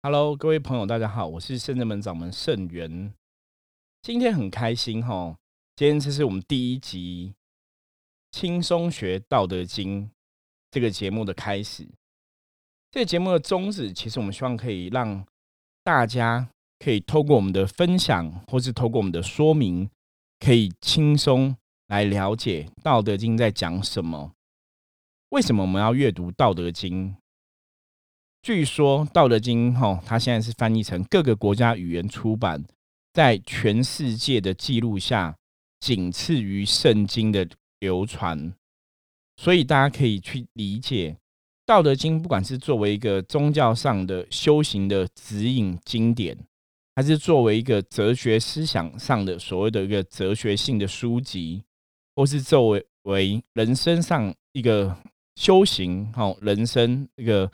哈嘍各位朋友，大家好，我是聖真門掌門聖元。今天很開心吼，今天這是我們第一集《輕鬆學道德經》這個節目的開始。這個節目的宗旨，其實我們希望可以讓大家可以透過我們的分享，或是透過我們的說明，可以輕鬆來了解《道德經》在講什麼。為什麼我們要閱讀《道德經》？據說《道德經》，哦，它現在是翻譯成各個國家語言出版，在全世界的記錄下，僅次於聖經的流傳。所以大家可以去理解，《道德經》不管是作為一個宗教上的修行的指引經典,還是作為一個哲學思想上的所謂的一個哲學性的書籍，或是作為為人生上一個修行、哦、人生一個。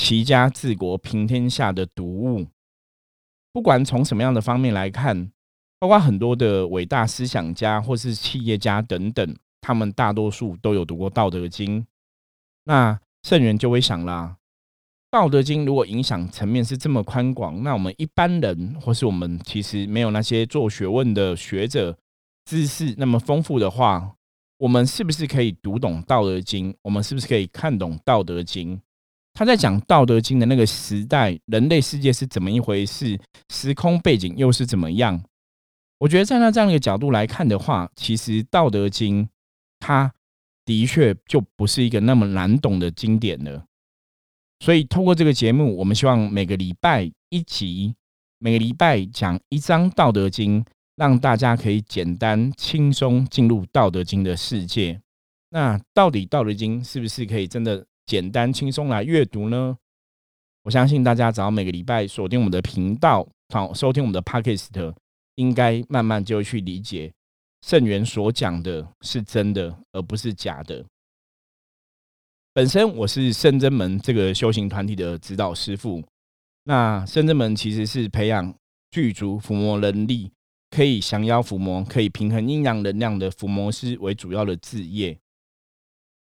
齊家治國平天下的讀物，不管從什麼樣的方面來看，包括很多的偉大思想家或是企業家等等，他們大多數都有讀過《道德經》。那聖元就會想啦，《道德經》如果影響層面是這麼寬廣，那我們一般人或是我們其實沒有那些做學問的學者知識那麼豐富的話，我們是不是可以讀懂《道德經》？我們是不是可以看懂《道德經》？他在講《道德經》的那個時代，人類世界是怎麼一回事？時空背景又是怎麼樣？我覺得站在這樣一個角度來看的話，其實《道德經》它的確就不是一個那麼難懂的經典了。所以透過這個節目，我們希望每個禮拜一集，每個禮拜講一章《道德經》，讓大家可以簡單輕鬆進入《道德經》的世界。那到底《道德經》是不是可以真的？簡單輕鬆來閱讀呢？我相信大家只要每個禮拜鎖定我們的頻道，好收聽我們的 podcast，應該慢慢就會去理解聖元所講的是真的，而不是假的。本身我是聖真門這個修行團體的指導師父，那聖真門其實是培養具足伏魔能力，可以降妖伏魔，可以平衡陰陽能量的伏魔師為主要的事業。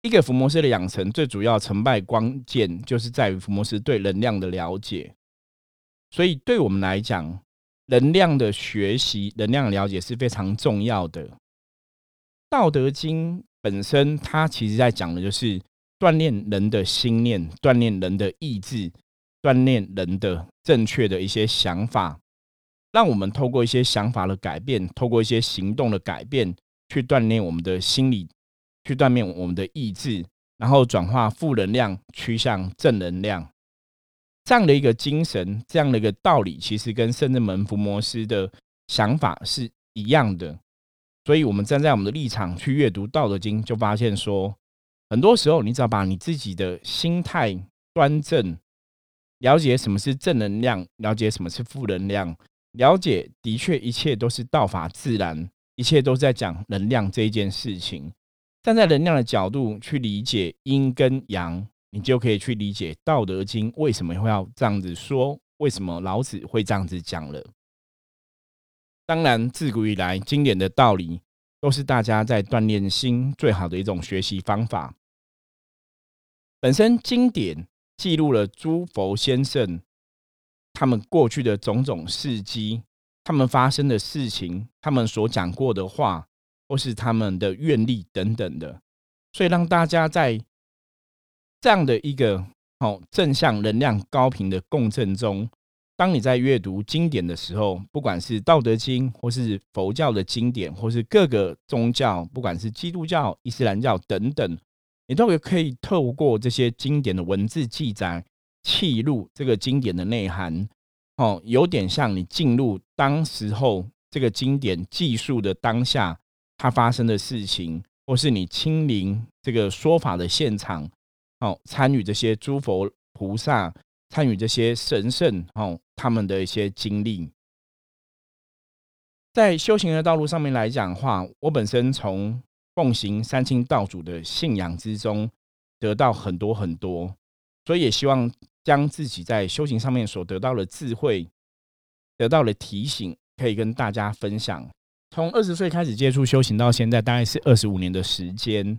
一個伏魔師的養成，最主要成敗關鍵，就是在於伏魔師對能量的了解。所以，對我們來講，能量的學習、能量的了解是非常重要的。《道德經》本身，它其實在講的就是鍛鍊人的心念，鍛鍊人的意志，鍛鍊人的正確的一些想法，讓我們透過一些想法的改變，透過一些行動的改變，去鍛鍊我們的心理。去鍛鍊我們的意志，然後轉化負能量趨向正能量，這樣的一個精神，這樣的一個道理，其實跟聖真門伏魔師的想法是一樣的。所以，我們站在我們的立場去閱讀《道德經》，就發現說，很多時候，你只要把你自己的心態端正，了解什麼是正能量，了解什麼是負能量，了解的確，一切都是道法自然，一切都在講能量這一件事情。站在能量的角度去理解陰跟陽，你就可以去理解《道德經》為什麼會要這樣子說，為什麼老子會這樣子講了。當然，自古以來經典的道理都是大家在鍛鍊心最好的一種學習方法。本身經典記錄了諸佛仙聖他們過去的種種事跡，他們發生的事情，他們所講過的話。或是他們的願力等等的，所以讓大家在這樣的一個哦正向能量高頻的共振中，當你在閱讀經典的時候，不管是《道德經》，或是佛教的經典，或是各個宗教，不管是基督教、伊斯蘭教等等，你都可以透過這些經典的文字記載，契入這個經典的內涵。哦，有點像你進入當時候這個經典記述的當下。他發生的事情，或是你親臨這個說法的現場，哦，參與這些諸佛菩薩，參與這些神聖哦，他們的一些經歷。在修行的道路上面來講的話，我本身從奉行三清道祖的信仰之中，得到很多很多，所以也希望將自己在修行上面所得到的智慧，得到的提醒，可以跟大家分享。從二十歲開始接觸修行到現在，大概是二十五年的時間。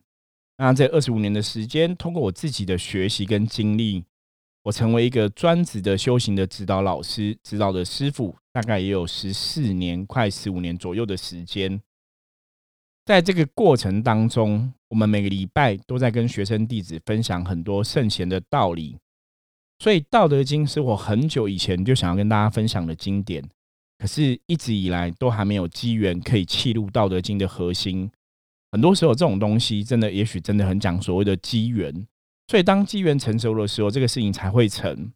那這二十五年的時間，通過我自己的學習跟經歷，我成為一個專職的修行的指導老師，指導的師傅，大概也有十四年，快十五年左右的時間。在這個過程當中，我們每個禮拜都在跟學生弟子分享很多聖賢的道理。所以，《道德經》是我很久以前就想要跟大家分享的經典。可是，一直以來都還沒有機緣可以契入《道德經》的核心。很多時候，這種東西真的，也許真的很講所謂的機緣。所以，當機緣成熟的時候，這個事情才會成。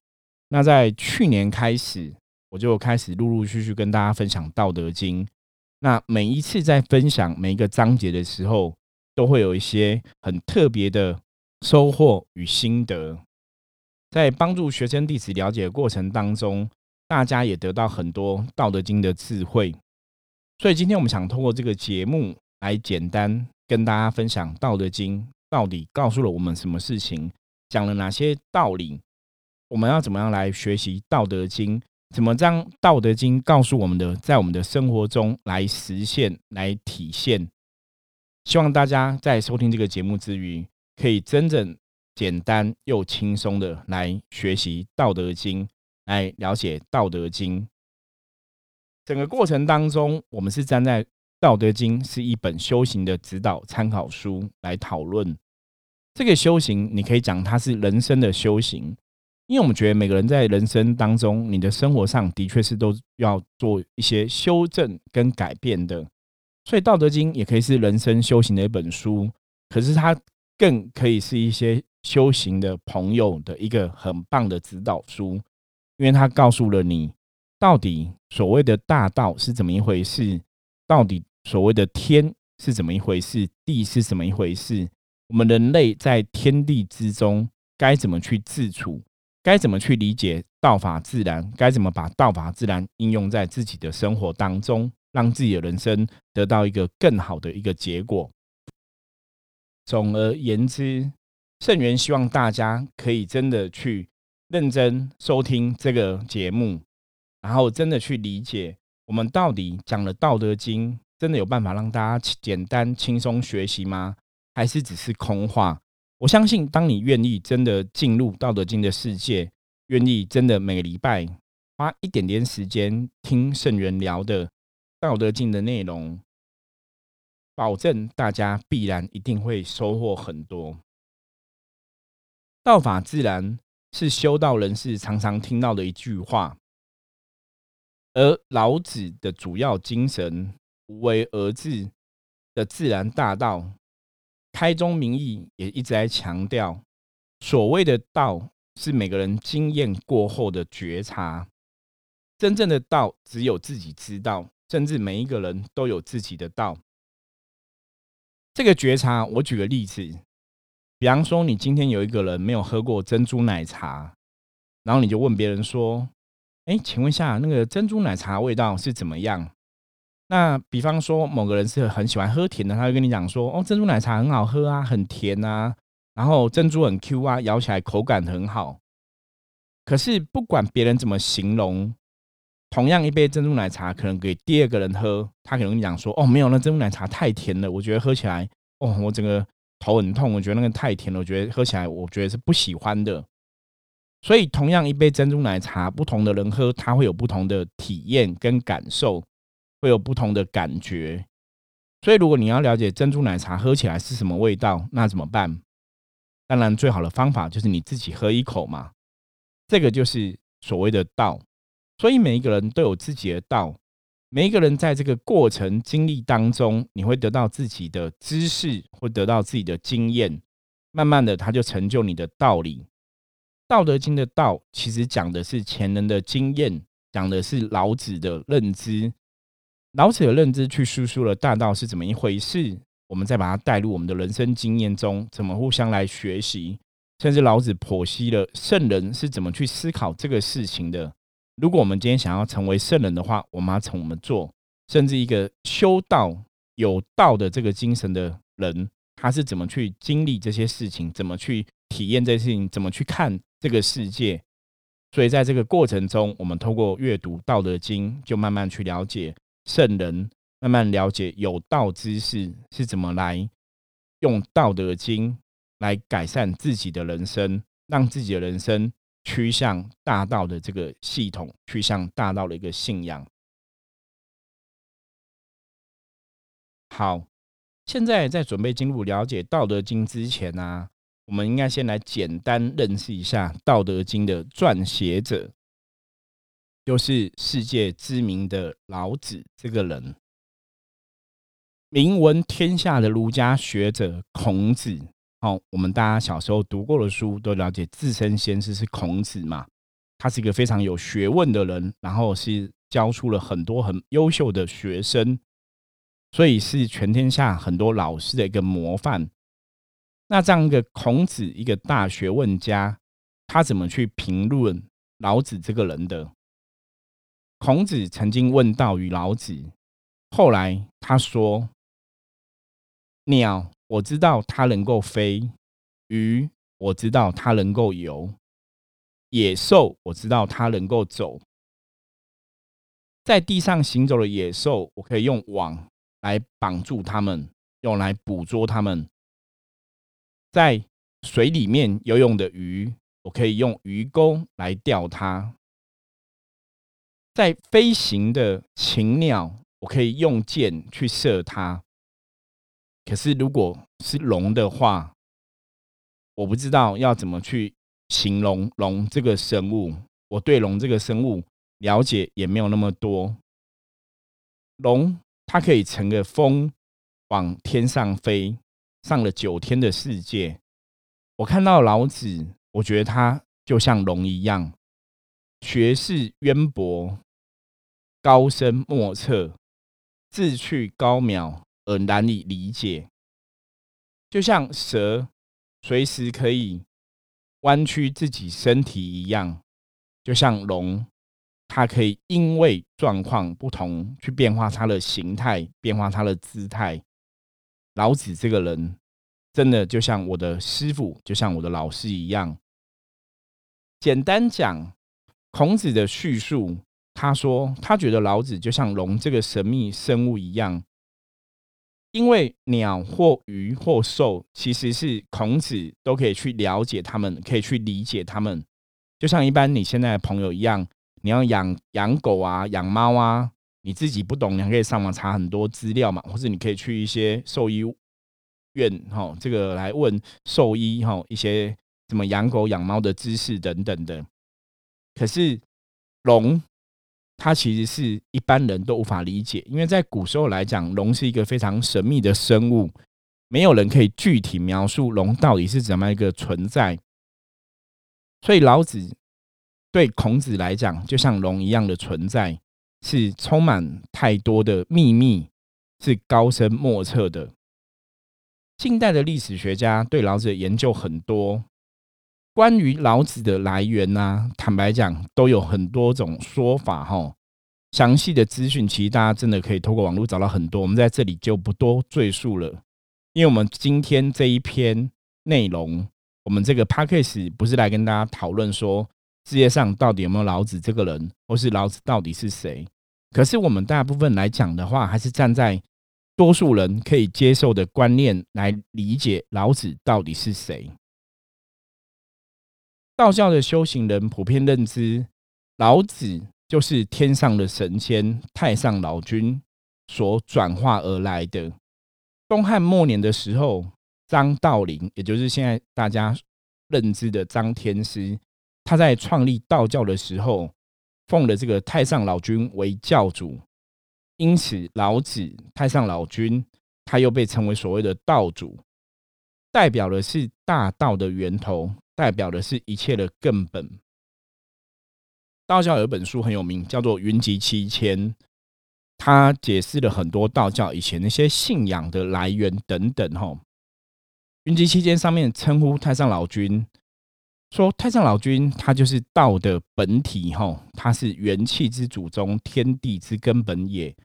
那在去年開始，我就開始陸陸續續跟大家分享《道德經》。那每一次在分享每一個章節的時候，都會有一些很特別的收穫與心得，在幫助學生弟子了解的過程當中。大家也得到很多《道德經》的智慧，所以今天我們想通過這個節目來簡單跟大家分享《道德經》到底告訴了我們什麼事情，講了哪些道理，我們要怎麼樣來學習《道德經》，怎麼將《道德經》告訴我們的，在我們的生活中來實現、來體現。希望大家在收聽這個節目之餘，可以真正簡單又輕鬆的來學習《道德經》。來了解《道德經》，整個過程當中，我們是站在《道德經》是一本修行的指導參考書來討論這個修行。你可以講它是人生的修行，因為我們覺得每個人在人生當中，你的生活上的確是都要做一些修正跟改變的。所以，《道德經》也可以是人生修行的一本書，可是它更可以是一些修行的朋友的一個很棒的指導書。因為他告訴了你，到底所謂的大道是怎麼一回事，到底所謂的天是怎麼一回事，地是怎麼一回事，我們人類在天地之中該怎麼去自處，該怎麼去理解道法自然，該怎麼把道法自然應用在自己的生活當中，讓自己的人生得到一個更好的一個結果。總而言之，聖元希望大家可以真的去認真收聽這個節目，然後真的去理解我們到底講的《道德經》，真的有辦法讓大家簡單輕鬆學習嗎？還是只是空話？我相信，當你願意真的進入《道德經》的世界，願意真的每個禮拜花一點點時間聽聖元聊的《道德經》的內容，保證大家必然一定會收穫很多。道法自然。是修道人士常常聽到的一句話，而老子的主要精神“無為而治”的自然大道，開宗明義也一直在強調：所謂的道是每個人經驗過後的覺察，真正的道只有自己知道，甚至每一個人都有自己的道。這個覺察，我舉個例子。比方說，你今天有一個人沒有喝過珍珠奶茶，然後你就問別人說：“哎，請問一下那個珍珠奶茶味道是怎麼樣？”那比方說，某個人是很喜歡喝甜的，他就跟你講說：“哦，珍珠奶茶很好喝啊，很甜啊，然後珍珠很 Q 啊，咬起來口感很好。”可是不管別人怎麼形容，同樣一杯珍珠奶茶，可能給第二個人喝，他可能跟你講說：“哦，沒有，那珍珠奶茶太甜了，我覺得喝起來，哦，我整個。”頭很痛，我覺得那個太甜了，我覺得喝起來，我覺得是不喜歡的。所以，同樣一杯珍珠奶茶，不同的人喝，他會有不同的體驗跟感受，會有不同的感覺。所以，如果你要了解珍珠奶茶喝起來是什麼味道，那怎麼辦？當然，最好的方法就是你自己喝一口嘛。這個就是所謂的道。所以，每一個人都有自己的道。每一個人在這個過程經歷當中，你會得到自己的知識，會得到自己的經驗，慢慢的他就成就你的道理。道德經的道，其實講的是前人的經驗，講的是老子的認知，老子的認知去輸出了大道是怎麼一回事。我們再把它帶入我們的人生經驗中，怎麼互相來學習，甚至老子剖析了聖人是怎麼去思考這個事情的。如果我們今天想要成為聖人的話，我們要從我們做，甚至一個修道有道的這個精神的人，他是怎麼去經歷這些事情，怎麼去體驗這些事情，怎麼去看這個世界。所以，在這個過程中，我們通過閱讀《道德經》，就慢慢去了解聖人，慢慢了解有道之士是怎麼來用《道德經》來改善自己的人生，讓自己的人生。趨向大道的這個系統，趨向大道的一個信仰。好，現在在準備進入了解《道德經》之前呢、啊，我們應該先來簡單認識一下《道德經》的撰寫者，就是世界知名的老子這個人，名聞天下的儒家學者孔子。哦，我們大家小時候讀過的書都了解，至聖先師是孔子嘛。他是一個非常有學問的人，然後是教出了很多很優秀的學生，所以是全天下很多老師的一個模範。那這樣一個孔子，一個大學問家，他怎麼去評論老子這個人的？孔子曾經問道於老子，後來他說：“鳥。”我知道它能夠飛，魚我知道它能夠游，野獸我知道它能夠走，在地上行走的野獸，我可以用網來綁住它們，用來捕捉它們。在水裡面游泳的魚，我可以用魚鈎來釣它。在飛行的禽鳥，我可以用箭去射它。可是，如果是龍的話，我不知道要怎麼去形容龍這個生物。我對龍這個生物了解也沒有那麼多。龍它可以乘個風往天上飛，上了九天的世界。我看到老子，我覺得他就像龍一樣，學識淵博，高深莫測，志趣高邈，而難以理解，就像蛇隨時可以彎曲自己身體一樣，就像龍，它可以因為狀況不同去變化它的形態，變化它的姿態。老子這個人，真的就像我的師父，就像我的老師一樣。簡單講，孔子的敘述，他說他覺得老子就像龍這個神秘生物一樣。因為鳥或魚或獸，其實是孔子都可以去了解他們，可以去理解他們。就像一般你現在的朋友一樣，你要養養狗啊，養貓啊，你自己不懂，你還可以上網查很多資料嘛，或者你可以去一些獸醫院，哈、喔，這個來問獸醫，哈、喔，一些怎麼養狗、養貓的知識等等的。可是龍。它其實是一般人都無法理解，因為在古時候來講，龍是一個非常神秘的生物，沒有人可以具體描述龍到底是怎麼一個存在。所以老子對孔子來講，就像龍一樣的存在，是充滿太多的秘密，是高深莫測的。近代的歷史學家對老子的研究很多。關於老子的來源呢、啊，坦白講，都有很多種說法哈。詳細的資訊，其實大家真的可以透過網絡找到很多，我們在這裡就不多贅述了。因為我們今天這一篇內容，我們這個 podcast 不是來跟大家討論說，世界上到底有沒有老子這個人，或是老子到底是誰。可是我們大部分來講的話，還是站在多數人可以接受的觀念來理解老子到底是誰。道教的修行人普遍認知，老子就是天上的神仙，太上老君所轉化而來的。東漢末年的時候，張道陵，也就是現在大家認知的張天師，他在創立道教的時候，奉了這個太上老君為教主，因此老子，太上老君，他又被稱為所謂的道主，代表的是大道的源頭。代表的是一切的根本。道教有一本書很有名，叫做《雲笈七籤》，它解釋了很多道教以前那些信仰的來源等等。吼、哦，雲笈七籤上面稱呼太上老君，說太上老君他就是道的本體，吼、哦，他是元氣之祖宗，天地之根本也。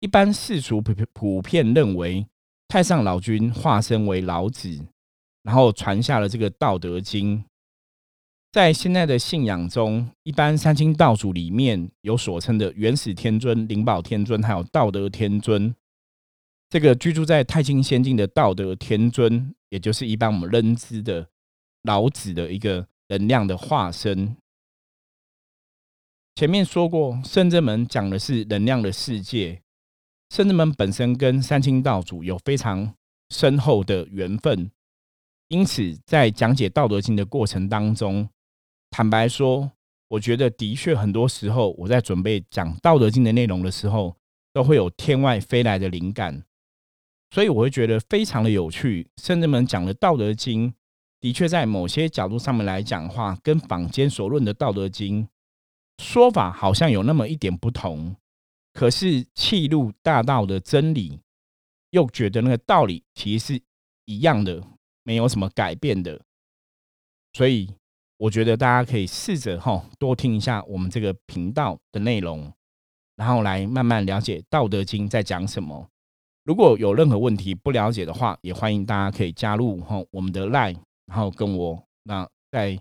一般世俗普普遍認為，太上老君化身為老子。然後傳下了這個《道德經》。在現在的信仰中，一般三清道祖裡面有所稱的元始天尊、靈寶天尊，還有道德天尊。這個居住在太清仙境的道德天尊，也就是一般我們認知的老子的一個能量的化身。前面說過，聖真門講的是能量的世界。聖真門本身跟三清道祖有非常深厚的緣分。因此，在講解《道德經》的過程當中，坦白說，我覺得的確很多時候，我在準備講《道德經》的內容的時候，都會有天外飛來的靈感，所以我會覺得非常的有趣。甚至們講的《道德經》，的確在某些角度上面來講的話，跟坊間所論的《道德經》說法好像有那麼一點不同，可是契入大道的真理，又覺得那個道理其實是一樣的。沒有什麼改變的，所以我覺得大家可以試着哈，多聽一下我們這個頻道的內容，然後來慢慢了解《道德經》在講什麼。如果有任何問題不了解的話，也歡迎大家可以加入我們的 LINE，然後跟我那在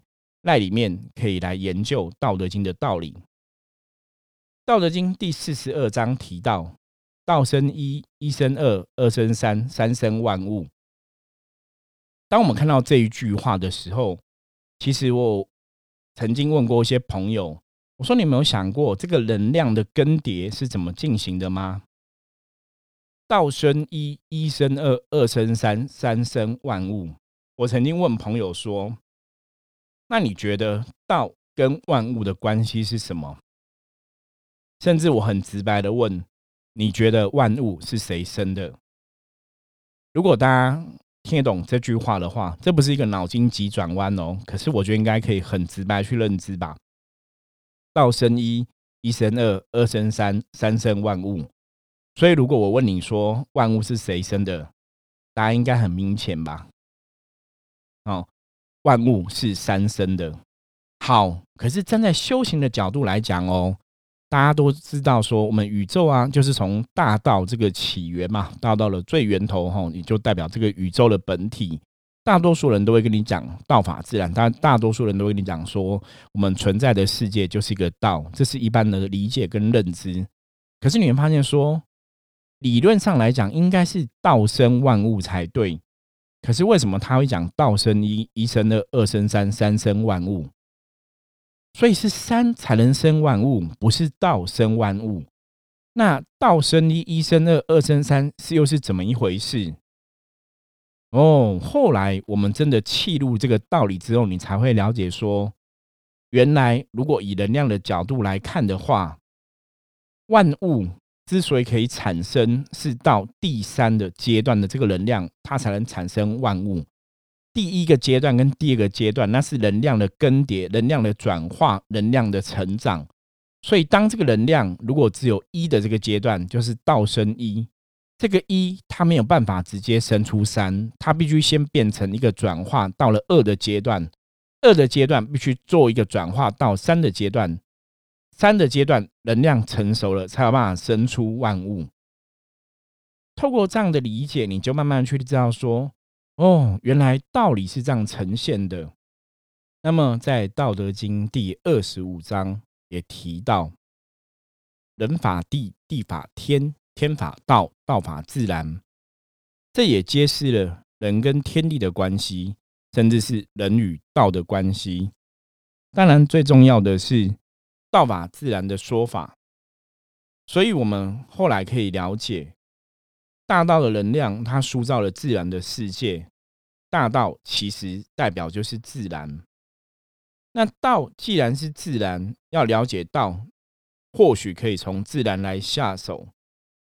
LINE 裡面可以來研究道德經的道理《道德經》的道理。《道德經》第四十二章提到：“道生一，一生二，二生三，三生萬物。”當我們看到這一句話的時候，其實我曾經問過一些朋友：“我說，你沒有想過這個能量的更迭是怎麼進行的嗎？”“道生一，一生二，二生三，三生萬物。”我曾經問朋友說：“那你覺得道跟萬物的關係是什麼？”甚至我很直白的問：“你覺得萬物是誰生的？”如果大家。聽得懂這句話的話，這不是一個腦筋急轉彎哦。可是我覺得應該可以很直白去認知吧？道生一，一生二，二生三，三生萬物。所以如果我問你說，萬物是誰生的，答案應該很明顯吧？哦，萬物是三生的。好，可是站在修行的角度來講哦。大家都知道說，我們宇宙啊，就是從大道這個起源嘛，到到了最源頭吼，也就代表這個宇宙的本體。大多數人都會跟你講“道法自然”，但大多數人都會跟你講說，我們存在的世界就是一個道，這是一般的理解跟認知。可是你會發現說，理論上來講，應該是“道生萬物”才對。可是為什麼他會講“道生一，一生二，二生三，三生萬物”？所以是三才能生萬物，不是道生萬物。那道生一，一生二，二生三，是又是怎麼一回事？哦，後來我們真的契入這個道理之後，你才會了解說，原來如果以能量的角度來看的話，萬物之所以可以產生，是到第三的階段的這個能量，它才能產生萬物。第一個階段跟第二個階段，那是能量的更迭、能量的轉化、能量的成長。所以，當這個能量如果只有一的這個階段，就是道生一，這個一它沒有辦法直接生出三，它必須先變成一個轉化，到了二的階段，二的階段必須做一個轉化到三的階段，三的階段能量成熟了，才有辦法生出萬物。透過這樣的理解，你就慢慢去知道說。哦，原來道理是這樣呈現的。那麼，在《道德經》第二十五章也提到：“人法地，地法天，天法道，道法自然。”這也揭示了人跟天地的關係，甚至是人與道的關係。當然，最重要的是“道法自然”的說法。所以我們後來可以了解，大道的能量，它塑造了自然的世界。大道其實代表就是自然。那道既然是自然，要了解道，或許可以從自然來下手。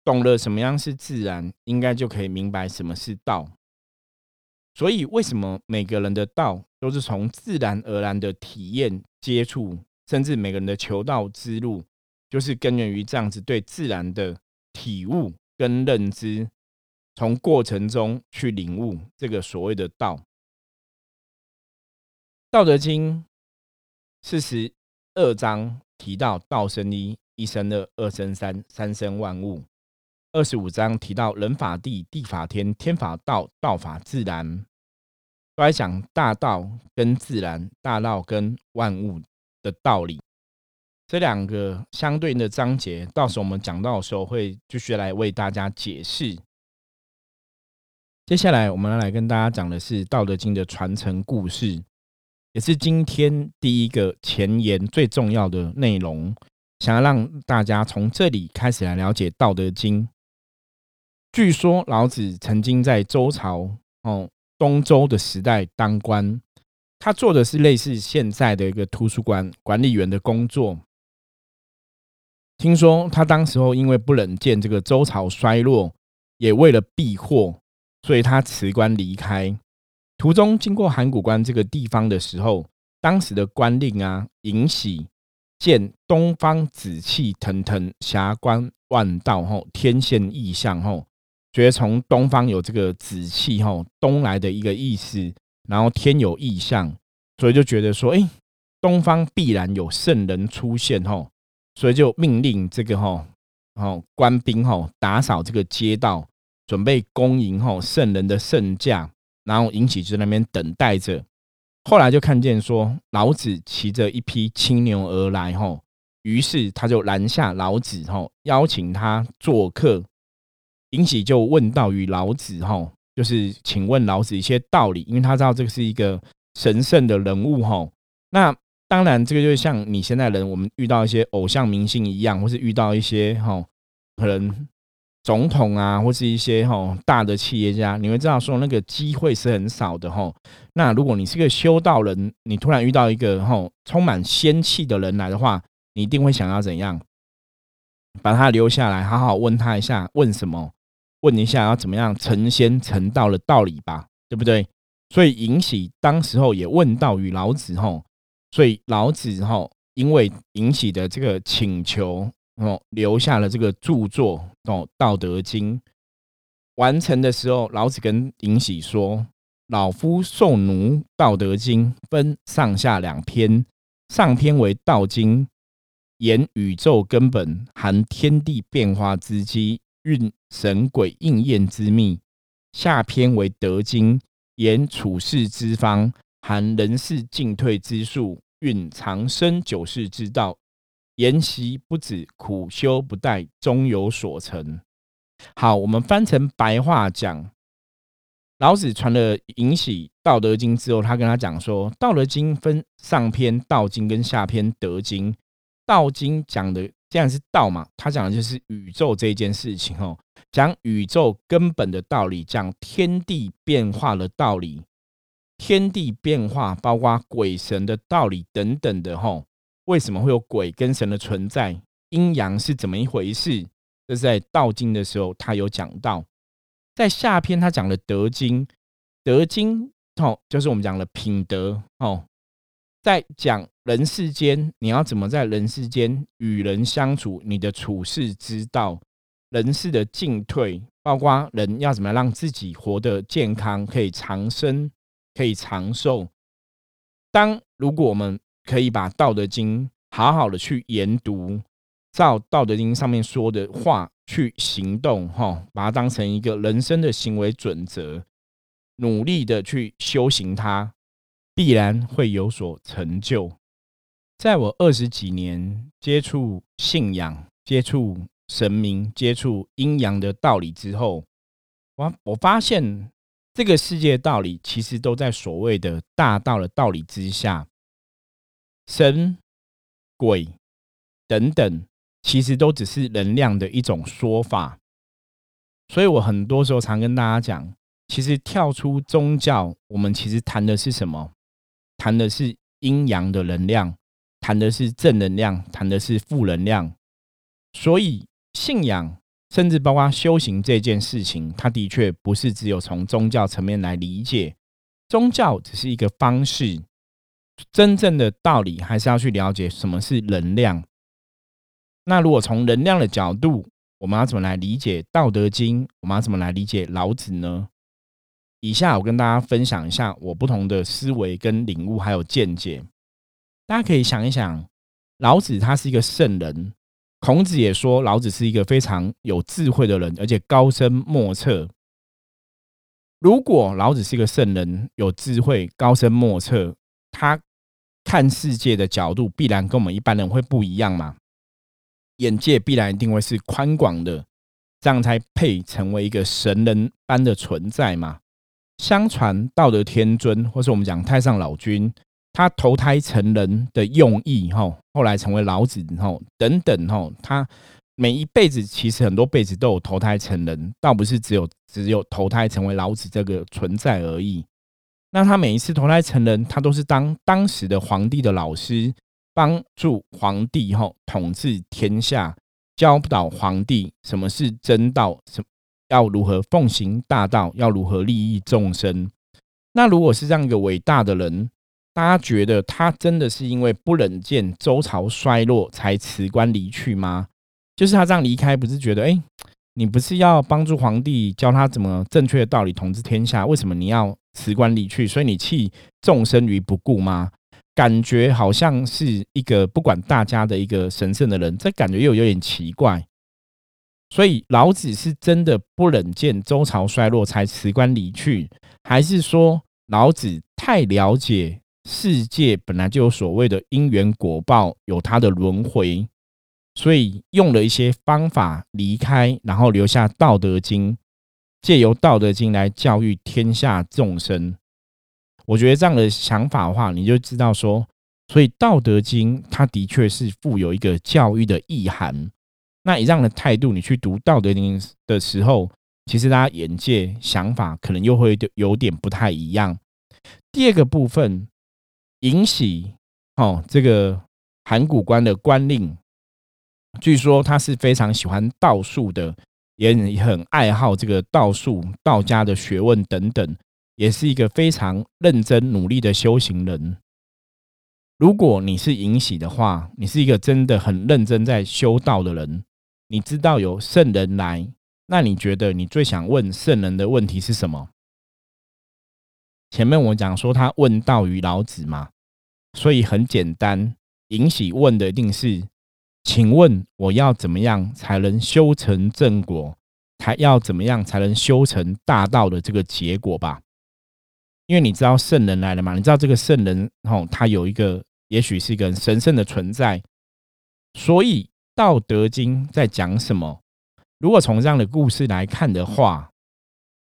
懂了什麼樣是自然，應該就可以明白什麼是道。所以，為什麼每個人的道都是從自然而然的體驗、接觸，甚至每個人的求道之路，就是根源於這樣子對自然的體悟，跟認知，從過程中去領悟這個所謂的道。《道德經》四十二章提到“道生一，一生二，二生三，三生萬物”。二十五章提到“人法地，地法天，天法道，道法自然”，都在講大道跟自然、大道跟萬物的道理。這兩個相對應的章節，到時候我們講到的時候會繼續來為大家解釋。接下來，我們要來跟大家講的是《道德經》的傳承故事，也是今天第一個前言最重要的內容。想要讓大家從這裡開始來了解《道德經》，據說老子曾經在周朝哦，東周的時代當官，他做的是類似現在的一個圖書館管理員的工作。聽說他當時候因為不忍見這個周朝衰落，也為了避禍，所以他辭官離開。途中經過函谷關這個地方的時候，當時的官令啊，尹喜見東方紫氣騰騰，霞光萬道，吼天現異象，吼覺得從東方有這個紫氣，吼東來的一個意思，然後天有異象，所以就覺得說，哎，東方必然有聖人出現，吼。所以就命令這個哈，哦，官兵哈打掃這個街道，準備恭迎哈聖人的聖駕，然後尹喜就在那邊等待着。後來就看見說老子騎着一匹青牛而來，哈，於是他就攔下老子，哈，邀請他做客。尹喜就問道於老子，哈，就是請問老子一些道理，因為他知道這個是一個神聖的人物，哈，那。當然，這個就像你現在人，我們遇到一些偶像明星一樣，或是遇到一些哈、哦，可能總統啊，或是一些哈、哦、大的企業家，你會知道說那個機會是很少的哈、哦。那如果你是個修道人，你突然遇到一個哈、哦、充滿仙氣的人來的話，你一定會想要怎樣把他留下來，好好問他一下，問什麼？問一下要怎麼樣成仙成道的道理吧，對不對？所以尹喜當時候也問道於老子、哦所以老子吼、哦，因為尹喜的這個請求，哦，留下了這個著作哦，《道德經》完成的時候，老子跟尹喜說：“老夫授奴，《道德經》分上下兩篇，上篇為道經，言宇宙根本，含天地變化之機、運神鬼應驗之秘；下篇為德經，言處世之方。”含人事進退之術，蘊長生久世之道，言習不止，苦修不怠，終有所成。好，我們翻成白話講，老子傳了尹喜《道德經》之後，他跟他講說，《道德經》分上篇《道經》跟下篇《德經》，《道經》講的當然是道嘛，他講的就是宇宙這件事情哦，講宇宙根本的道理，講天地變化的道理。天地變化，包括鬼神的道理等等的吼，為什麼會有鬼跟神的存在？陰陽是怎麼一回事？這是在《道經》的時候，他有講到。在下篇他講的《德經》，《德經》哦，就是我們講的品德哦，在講人世間，你要怎麼在人世間與人相處？你的處世之道，人事的進退，包括人要怎麼樣讓自己活得健康，可以長生。可以長壽。當，如果我們可以把《道德經》好好的去研讀，照《道德經》上面說的話去行動，哦，把它當成一個人生的行為準則，努力的去修行它，它必然會有所成就。在我二十幾年接觸信仰、接觸神明、接觸陰陽的道理之後，我我發現。這個世界道理其實都在所謂的大道的道理之下，神、鬼等等，其實都只是能量的一種說法。所以我很多時候常跟大家講，其實跳出宗教，我們其實談的是什麼？談的是陰陽的能量，談的是正能量，談的是負能量。所以信仰。甚至包括修行這件事情，它的確不是只有從宗教層面來理解，宗教只是一個方式，真正的道理還是要去了解什麼是能量。那如果從能量的角度，我們要怎麼來理解《道德經》？我們要怎麼來理解老子呢？以下我跟大家分享一下我不同的思維跟領悟還有見解，大家可以想一想，老子他是一個聖人。孔子也說，老子是一個非常有智慧的人，而且高深莫測。如果老子是一個聖人，有智慧、高深莫測，他看世界的角度必然跟我們一般人會不一樣嘛，眼界必然一定會是寬廣的，這樣才配成為一個神人般的存在嘛。相傳道德天尊，或是我們講太上老君。他投胎成人的用意，吼，後來成為老子，吼，等等，吼，他每一輩子其實很多輩子都有投胎成人，倒不是只有只有投胎成為老子這個存在而已。那他每一次投胎成人，他都是當當時的皇帝的老師，幫助皇帝吼統治天下，教導皇帝什麼是真道，什要如何奉行大道，要如何利益眾生。那如果是這樣一個偉大的人，大家覺得他真的是因為不忍見周朝衰落才辭官離去嗎？就是他這樣離開，不是覺得哎、欸，你不是要幫助皇帝教他怎麼正確的道理統治天下，為什麼你要辭官離去？所以你棄眾生於不顧嗎？感覺好像是一個不管大家的一個神聖的人，這感覺又有點奇怪。所以老子是真的不忍見周朝衰落才辭官離去，還是說老子太了解？世界本來就有所謂的因緣果報，有它的輪回，所以用了一些方法離開，然後留下《道德經》，借由《道德經》來教育天下眾生。我覺得這樣的想法的話，你就知道說，所以《道德經》它的確是富有一個教育的意涵。那以這樣的態度，你去讀《道德經》的時候，其實大家眼界、想法可能又會有點不太一樣。第二個部分。尹喜哦，這個函谷關的官令，據說他是非常喜歡道術的，也很愛好這個道術、道家的學問等等，也是一個非常認真努力的修行人。如果你是尹喜的話，你是一個真的很認真在修道的人。你知道有聖人來，那你覺得你最想問聖人的問題是什麼？前面我講說他問道於老子嘛。所以很簡單，尹喜問的一定是，請問我要怎麼樣才能修成正果？他要怎麼樣才能修成大道的這個結果吧？因為你知道聖人來了嘛？你知道這個聖人哦，他有一個，也許是一個神聖的存在。所以《道德經》在講什麼？如果從這樣的故事來看的話，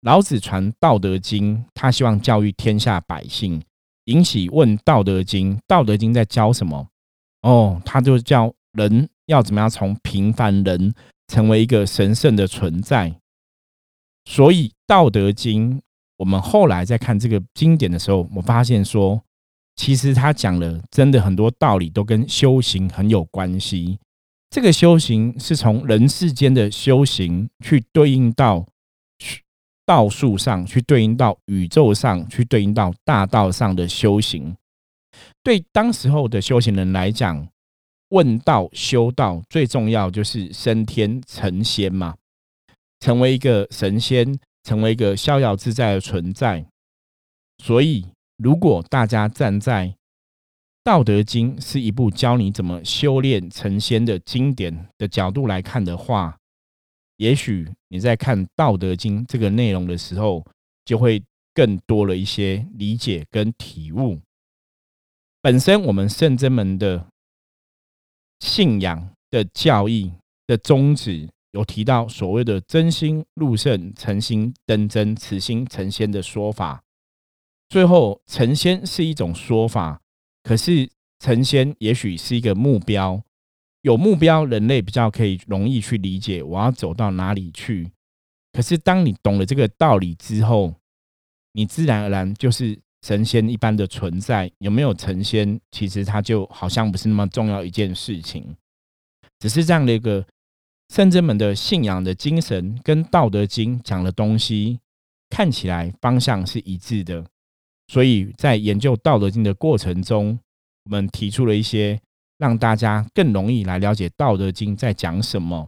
老子傳《道德經》，他希望教育天下百姓。引起問道德經《道德經》，《道德經》在教什麼？哦，他就教人要怎麼樣從平凡人成為一個神聖的存在。所以，《道德經》我們後來在看這個經典的時候，我發現說，其實他講了真的很多道理都跟修行很有關係。這個修行是從人世間的修行去對應到。道術上去對應到宇宙上去對應到大道上的修行，對當時候的修行人來講，問道修道最重要就是升天成仙嘛，成為一個神仙，成為一個逍遙自在的存在。所以，如果大家站在《道德經》是一部教你怎麼修煉成仙的經典的角度來看的話，也許你在看《道德經》這個內容的時候，就會更多了一些理解跟體悟。本身我們聖真門的信仰的教義的宗旨，有提到所謂的“真心入聖，誠心登真，慈心成仙”的說法。最後，成仙是一種說法，可是成仙也許是一個目標。有目標，人類比較可以容易去理解我要走到哪裡去。可是，當你懂了這個道理之後，你自然而然就是神仙一般的存在。有沒有成仙，其實它就好像不是那麼重要一件事情。只是這樣的一個聖真門的信仰的精神，跟《道德經》講的東西看起來方向是一致的。所以在研究《道德經》的過程中，我們提出了一些。讓大家更容易來了解《道德經》在講什麼，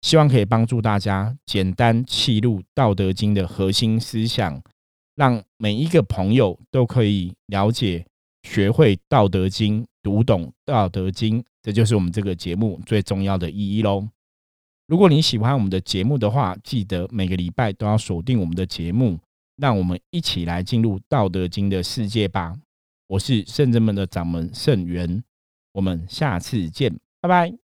希望可以幫助大家簡單記錄《道德經》的核心思想，讓每一個朋友都可以了解、學會《道德經》，讀懂《道德經》，這就是我們這個節目最重要的意義嘍。如果你喜歡我們的節目的話，記得每個禮拜都要鎖定我們的節目，讓我們一起來進入《道德經》的世界吧。我是聖真門的掌門聖元。我們下次見，拜拜。